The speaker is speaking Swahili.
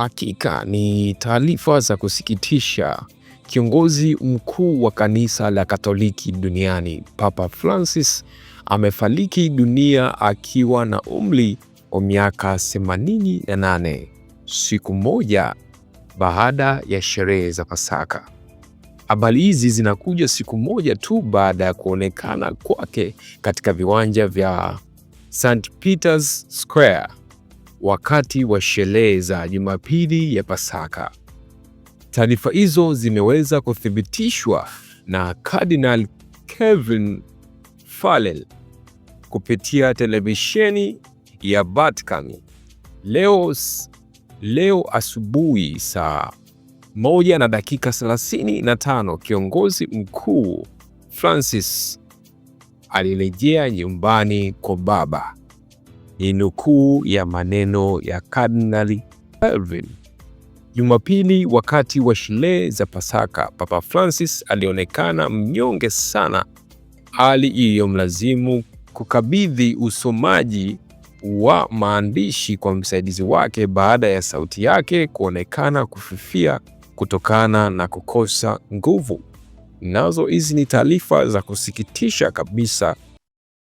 Hakika ni taarifa za kusikitisha. Kiongozi mkuu wa kanisa la Katoliki duniani Papa Francis amefariki dunia akiwa na umri wa miaka 88 siku moja baada ya sherehe za Pasaka. Habari hizi zinakuja siku moja tu baada ya kuonekana kwake katika viwanja vya St Peter's Square wakati wa sherehe za Jumapili ya Pasaka. Taarifa hizo zimeweza kuthibitishwa na Cardinal Kevin Farrell kupitia televisheni ya Vatican leo, leo asubuhi saa moja na dakika 35, kiongozi mkuu Francis alirejea nyumbani kwa Baba ni nukuu ya maneno ya Kardinali Calvin. Jumapili wakati wa sherehe za Pasaka, Papa Francis alionekana mnyonge sana, hali iliyomlazimu kukabidhi usomaji wa maandishi kwa msaidizi wake baada ya sauti yake kuonekana kufifia kutokana na kukosa nguvu. Nazo hizi ni taarifa za kusikitisha kabisa